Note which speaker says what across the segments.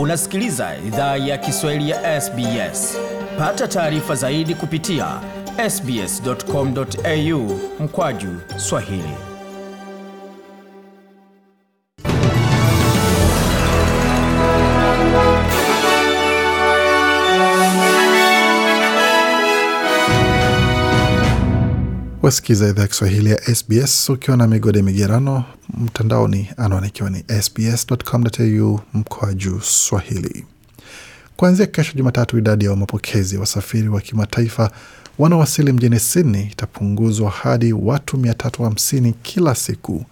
Speaker 1: Unasikiliza idhaa ya Kiswahili ya SBS. Pata taarifa zaidi kupitia sbs.com.au mkwaju Swahili. Wasikiza idhaa ya Kiswahili ya SBS ukiwa na migode migerano mtandaoni, anwani ikiwa ni sbs.com.au mkoa juu Swahili. Kuanzia kesho Jumatatu, idadi ya mapokezi ya wasafiri wa kimataifa wanaowasili mjini Sydney itapunguzwa hadi watu 350 kila siku.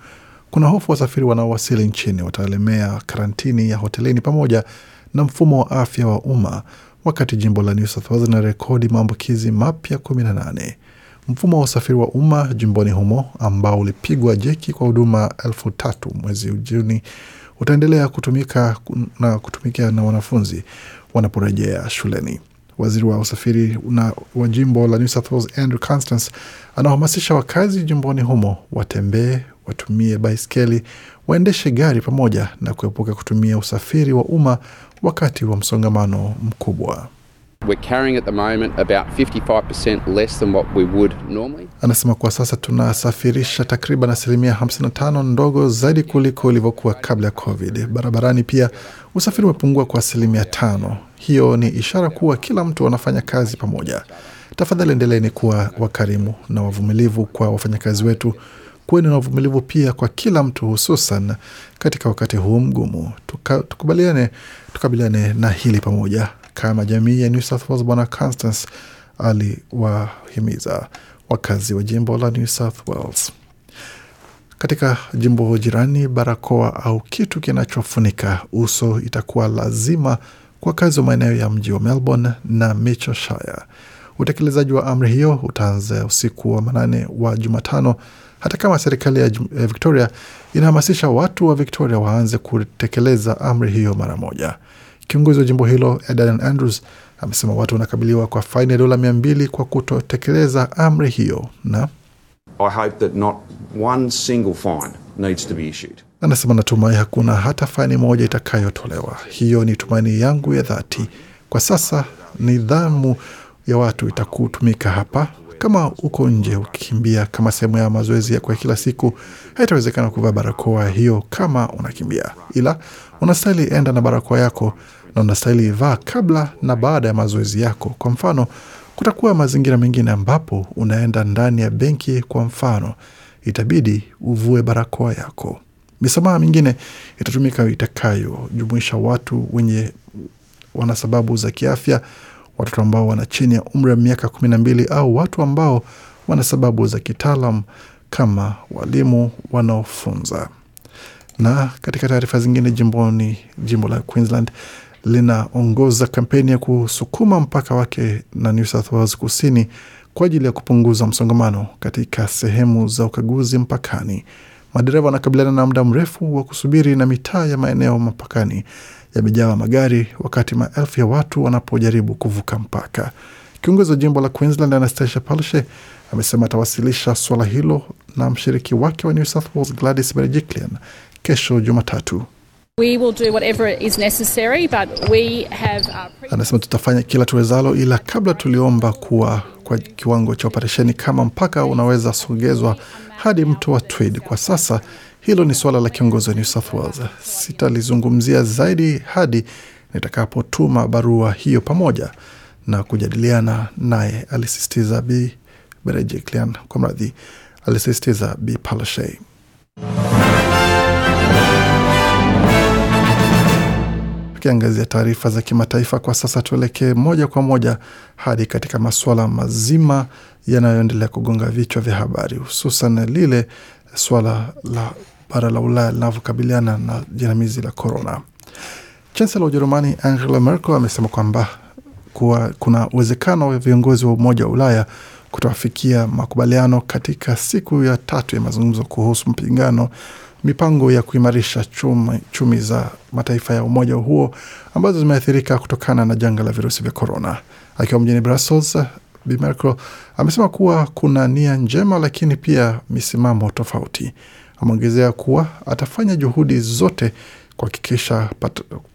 Speaker 1: Kuna hofu wasafiri wanaowasili nchini wataelemea karantini ya hotelini pamoja na mfumo wa afya wa umma, wakati jimbo la New South Wales maambukizi mapya 18. Mfumo wa usafiri wa umma jimboni humo ambao ulipigwa jeki kwa huduma elfu tatu mwezi Juni utaendelea kutumika na kutumikia na wanafunzi wanaporejea shuleni. Waziri wa usafiri na wa jimbo la New South Wales Andrew Constance anahamasisha wakazi jimboni humo watembee, watumie baiskeli, waendeshe gari pamoja na kuepuka kutumia usafiri wa umma wakati wa msongamano mkubwa. Anasema kwa sasa tunasafirisha takriban asilimia 55 ndogo zaidi kuliko ilivyokuwa kabla ya COVID. Barabarani pia usafiri umepungua kwa asilimia tano. Hiyo ni ishara kuwa kila mtu anafanya kazi pamoja. Tafadhali endeleeni kuwa wakarimu na wavumilivu kwa wafanyakazi wetu. Kuweni na uvumilivu pia kwa kila mtu, hususan katika wakati huu mgumu. tukubaliane, tukabiliane na hili pamoja kama jamii ya New South Wales, Bwana Constance aliwahimiza wakazi wa jimbo la New South Wales. Katika jimbo jirani, barakoa au kitu kinachofunika uso itakuwa lazima kwa wakazi wa maeneo ya mji wa Melbourne na Microshire. Utekelezaji wa amri hiyo utaanza usiku wa manane wa Jumatano, hata kama serikali ya eh, Victoria inahamasisha watu wa Victoria waanze kutekeleza amri hiyo mara moja. Kiongozi wa jimbo hilo Adan Andrews amesema watu wanakabiliwa kwa faini ya dola mia mbili kwa kutotekeleza amri hiyo, na anasema natumai hakuna hata faini moja itakayotolewa. Hiyo ni tumaini yangu ya dhati. Kwa sasa nidhamu ya watu itakutumika hapa. Kama uko nje ukikimbia kama sehemu ya mazoezi yako ya kila siku, haitawezekana kuvaa barakoa hiyo kama unakimbia, ila unastahili enda na barakoa yako na unastahili vaa kabla na baada ya mazoezi yako. Kwa mfano, kutakuwa mazingira mengine ambapo unaenda ndani ya benki, kwa mfano, itabidi uvue barakoa yako. Misamaha mingine itatumika itakayojumuisha watu wenye wana sababu za kiafya, watoto ambao wana chini ya umri wa miaka kumi na mbili au watu ambao wana sababu za kitaalam kama walimu wanaofunza. Na katika taarifa zingine, jimboni jimbo la Queensland linaongoza kampeni ya kusukuma mpaka wake na New South Wales kusini kwa ajili ya kupunguza msongamano katika sehemu za ukaguzi mpakani. Madereva wanakabiliana na muda mrefu wa kusubiri na mitaa ya maeneo mapakani yamejawa magari, wakati maelfu ya watu wanapojaribu kuvuka mpaka. Kiongozi wa jimbo la Queensland Anastasia Palshe amesema atawasilisha suala hilo na mshiriki wake wa New South Wales Gladys Berejiklian kesho Jumatatu. Uh, Anasema tutafanya kila tuwezalo, ila kabla tuliomba kuwa kwa kiwango cha operesheni kama mpaka unaweza sogezwa hadi mto wa Tweed. Kwa sasa hilo ni suala la kiongozi wa New South Wales, sitalizungumzia zaidi hadi nitakapotuma barua hiyo pamoja na kujadiliana naye, alisisitiza Bi Berejiklian, kwa mradhi, alisisitiza Bi Palaszczuk. tukiangazia taarifa za kimataifa kwa sasa, tuelekee moja kwa moja hadi katika masuala mazima yanayoendelea kugonga vichwa vya habari, hususan lile swala la bara la Ulaya linavyokabiliana na jinamizi la korona. Chansela wa Ujerumani Angela Merkel amesema kwamba kuwa kuna uwezekano wa viongozi wa Umoja wa Ulaya kutoafikia makubaliano katika siku ya tatu ya mazungumzo kuhusu mpingano mipango ya kuimarisha chumi, chumi za mataifa ya umoja huo ambazo zimeathirika kutokana na janga la virusi vya korona. Akiwa mjini Brussels, Bi Merkel amesema kuwa kuna nia njema, lakini pia misimamo tofauti. Ameongezea kuwa atafanya juhudi zote kuhakikisha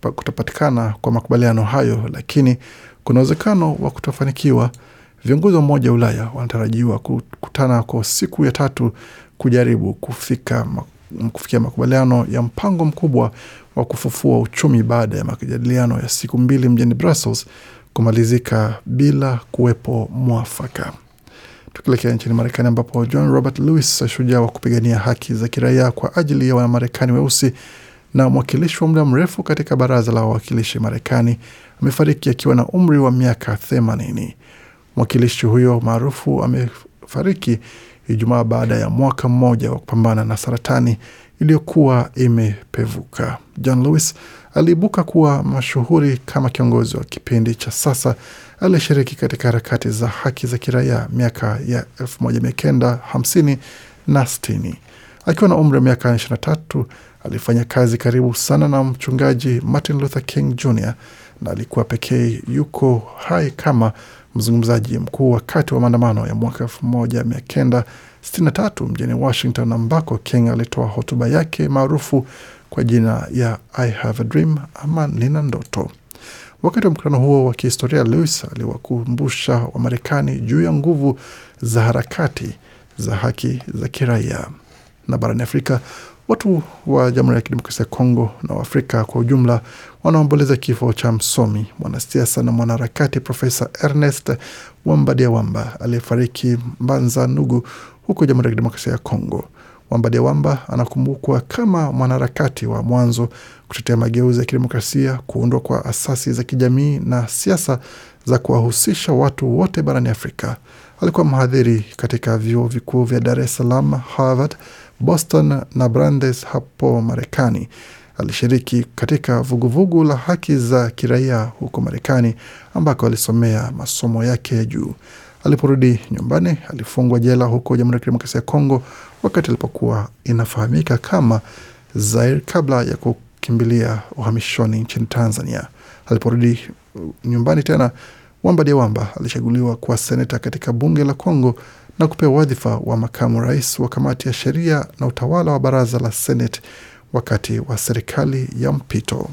Speaker 1: kutapatikana kwa makubaliano hayo, lakini kuna uwezekano wa kutofanikiwa. Viongozi wa Umoja wa Ulaya wanatarajiwa kukutana kwa siku ya tatu kujaribu kufika kufikia makubaliano ya mpango mkubwa wa kufufua uchumi baada ya majadiliano ya siku mbili mjini Brussels kumalizika bila kuwepo mwafaka. Tukielekea nchini Marekani ambapo John Robert Lewis, shujaa wa kupigania haki za kiraia kwa ajili ya Wamarekani weusi na mwakilishi wa muda mrefu katika baraza la wawakilishi Marekani, amefariki akiwa na umri wa miaka 80. Mwakilishi huyo maarufu amefariki Ijumaa baada ya mwaka mmoja wa kupambana na saratani iliyokuwa imepevuka. John Lewis aliibuka kuwa mashuhuri kama kiongozi wa kipindi cha sasa aliyeshiriki katika harakati za haki za kiraia miaka ya 1950 na 60. Akiwa na umri wa miaka 23, alifanya kazi karibu sana na mchungaji Martin Luther King Jr na alikuwa pekee yuko hai kama mzungumzaji mkuu wakati wa maandamano ya mwaka 1963 mjini Washington, ambako King alitoa hotuba yake maarufu kwa jina ya I have a dream, ama nina ndoto. Wakati wa mkutano huo wa kihistoria, Lewis aliwakumbusha Wamarekani juu ya nguvu za harakati za haki za kiraia. Na barani Afrika, Watu wa Jamhuri ya Kidemokrasia ya Kongo na Waafrika kwa ujumla wanaomboleza kifo cha msomi, mwanasiasa na mwanaharakati Profesa Ernest Wambadia Wamba aliyefariki Mbanza Nugu huko Jamhuri ya Kidemokrasia ya Kongo. Wambadia Wamba anakumbukwa kama mwanaharakati wa mwanzo kutetea mageuzi ya kidemokrasia, kuundwa kwa asasi za kijamii na siasa za kuwahusisha watu wote barani Afrika. Alikuwa mhadhiri katika vyuo vikuu vya Dar es Salaam, Harvard Boston na Brandes hapo Marekani. Alishiriki katika vuguvugu la haki za kiraia huko Marekani ambako alisomea masomo yake ya juu. Aliporudi nyumbani, alifungwa jela huko Jamhuri ya Kidemokrasia ya Kongo wakati alipokuwa inafahamika kama Zaire kabla ya kukimbilia uhamishoni nchini Tanzania. Aliporudi nyumbani tena Wamba Diawamba alichaguliwa kuwa seneta katika bunge la Kongo na kupewa wadhifa wa makamu rais wa kamati ya sheria na utawala wa baraza la Seneti wakati wa serikali ya mpito.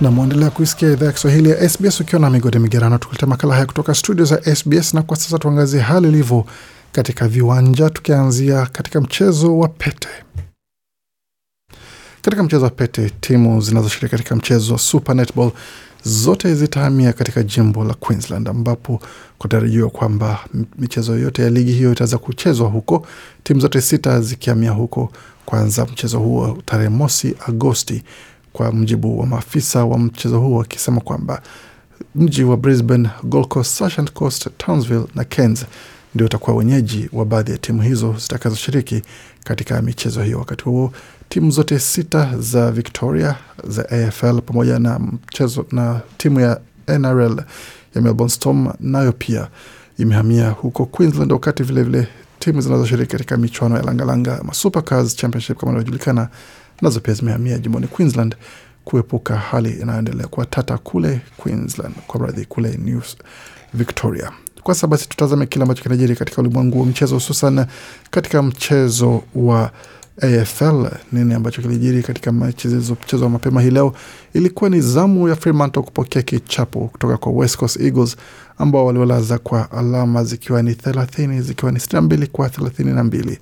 Speaker 1: na mwendelea kuisikia idhaa ya Kiswahili ya SBS ukiwa na migodi migerano, tukuletea makala haya kutoka studio za SBS. Na kwa sasa tuangazie hali ilivyo katika viwanja, tukianzia katika mchezo wa pete. Katika mchezo wa pete, timu zinazoshiriki katika mchezo wa Super Netball zote zitahamia katika jimbo la Queensland ambapo kutarajiwa kwamba michezo yote ya ligi hiyo itaweza kuchezwa huko, timu zote sita zikihamia huko kuanza mchezo huo tarehe mosi Agosti, kwa mjibu wa maafisa wa mchezo huo wakisema kwamba mji wa Brisbane, Gold Coast, Sunshine Coast, Townsville na Cairns ndio utakuwa wenyeji wa baadhi ya timu hizo zitakazoshiriki katika michezo hiyo. Wakati huo timu zote sita za Victoria za AFL pamoja na mchezo na timu ya NRL ya Melbourne Storm nayo pia imehamia huko Queensland, wakati vilevile timu zinazoshiriki katika michuano ya langalanga Super Championship kama inavyojulikana nazo pia zimehamia jimboni Queensland kuepuka hali inayoendelea kuwa tata kule Queensland, kwa mradhi kule New Victoria. Kwa sasa basi, tutazame kile ambacho kinajiri katika ulimwengu wa mchezo, hususan katika mchezo wa AFL. Nini ambacho kilijiri katika mechi zilizochezwa mapema hii leo? Ilikuwa ni zamu ya Fremantle kupokea kichapo kutoka kwa West Coast Eagles ambao waliolaza kwa alama zikiwa ni 30 zikiwa ni 62 kwa 32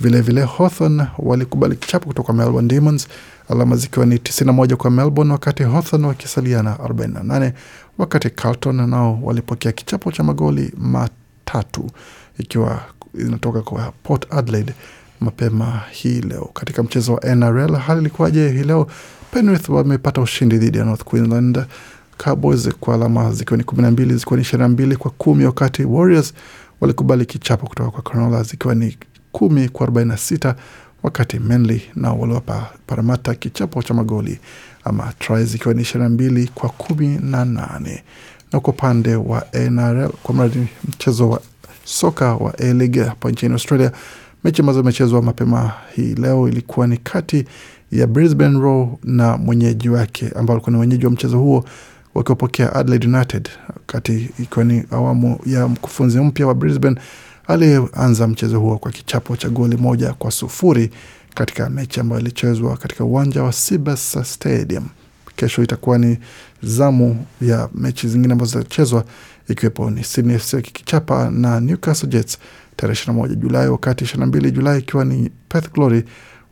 Speaker 1: Vilevile Hawthorn walikubali kichapo kutoka Melbourne Demons, alama zikiwa ni 91 kwa Melbourne, wakati Hawthorn na 48, wakati Carlton nao walipokea kichapo cha magoli matatu ikiwa inatoka kwa Port Adelaide mapema hii leo. Katika mchezo wa NRL hali ilikuwaje hii leo? Penrith wamepata ushindi dhidi ya North Queensland Cowboys kwa alama zikiwa ni 12 zikiwa ni 22 kwa kumi, wakati Warriors walikubali kichapo kutoka kwa Cronulla zikiwa ni kumi kwa 46 wakati Manly nao waliwapa Paramata kichapo cha magoli ama tri ikiwa ni 22 kwa 18. Na kwa upande wa NRL, kwa mradi mchezo wa soka wa A-League hapa nchini Australia, mechi ambazo imechezwa mapema hii leo ilikuwa ni kati ya Brisbane Roar na mwenyeji wake ambao alikuwa ni mwenyeji wa mchezo huo wakiwapokea Adelaide United, wakati ikiwa ni awamu ya mkufunzi mpya wa Brisbane aliyeanza mchezo huo kwa kichapo cha goli moja kwa sufuri katika mechi ambayo ilichezwa katika uwanja wa Sibasa Stadium. Kesho itakuwa ni zamu ya mechi zingine ambazo zitachezwa ikiwepo ni Sydney FC kikichapa na Newcastle Jets tarehe 21 Julai, wakati 22 Julai ikiwa ni Perth Glory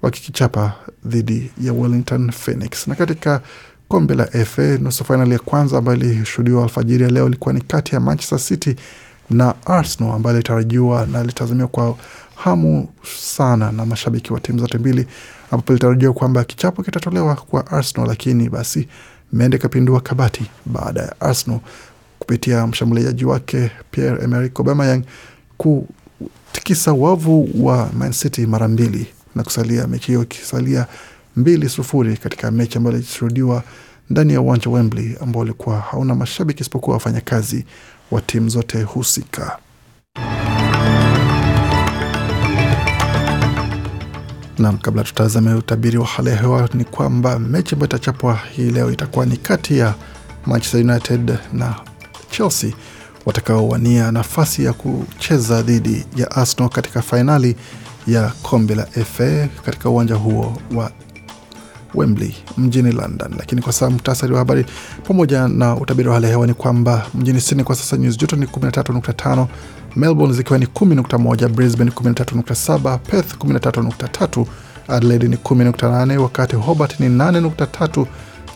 Speaker 1: wakikichapa dhidi ya Wellington Phoenix. Na katika kombe la FA nusu fainali ya kwanza ambayo ilishuhudiwa alfajiri ya leo ilikuwa ni kati ya Manchester City na Arsenal ambayo litarajiwa na litazamiwa kwa hamu sana na mashabiki wa timu zote mbili, ambapo litarajiwa kwamba kichapo kitatolewa kwa Arsenal, lakini basi Mende kapindua kabati baada ya Arsenal kupitia mshambuliaji wake Pierre Emerick Aubameyang kutikisa wavu wa Man City mara mbili na kusalia mechi hiyo ikisalia mbili sufuri katika mechi ambayo ilishuhudiwa ndani ya uwanja Wembley ambao ulikuwa hauna mashabiki isipokuwa wafanyakazi wa timu zote husika. Nam, kabla tutazame utabiri wa hali ya hewa, ni kwamba mechi ambayo itachapwa hii leo itakuwa ni kati ya Manchester United na Chelsea watakaowania nafasi ya kucheza dhidi ya Arsenal katika fainali ya kombe la FA katika uwanja huo wa Wembley mjini London. Lakini kwa sasa muhtasari wa habari pamoja na utabiri wa hali ya hewa ni kwamba mjini Sydney kwa sasa nyuzi joto ni 13.5, Melbourne zikiwa ni 10.1, Brisbane 13.7, Perth 13.3, Adelaide ni 10.8, wakati Hobart ni 8.3,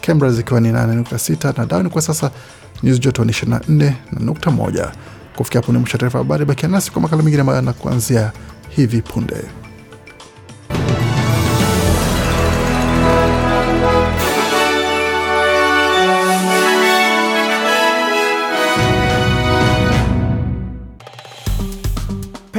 Speaker 1: Canberra zikiwa ni 8.6 na Darwin kwa sasa nyuzi joto ni 24.1. Kufikia hapo ni mwisho taarifa habari. Bakia nasi kwa makala mengine ambayo yanakuanzia hivi punde.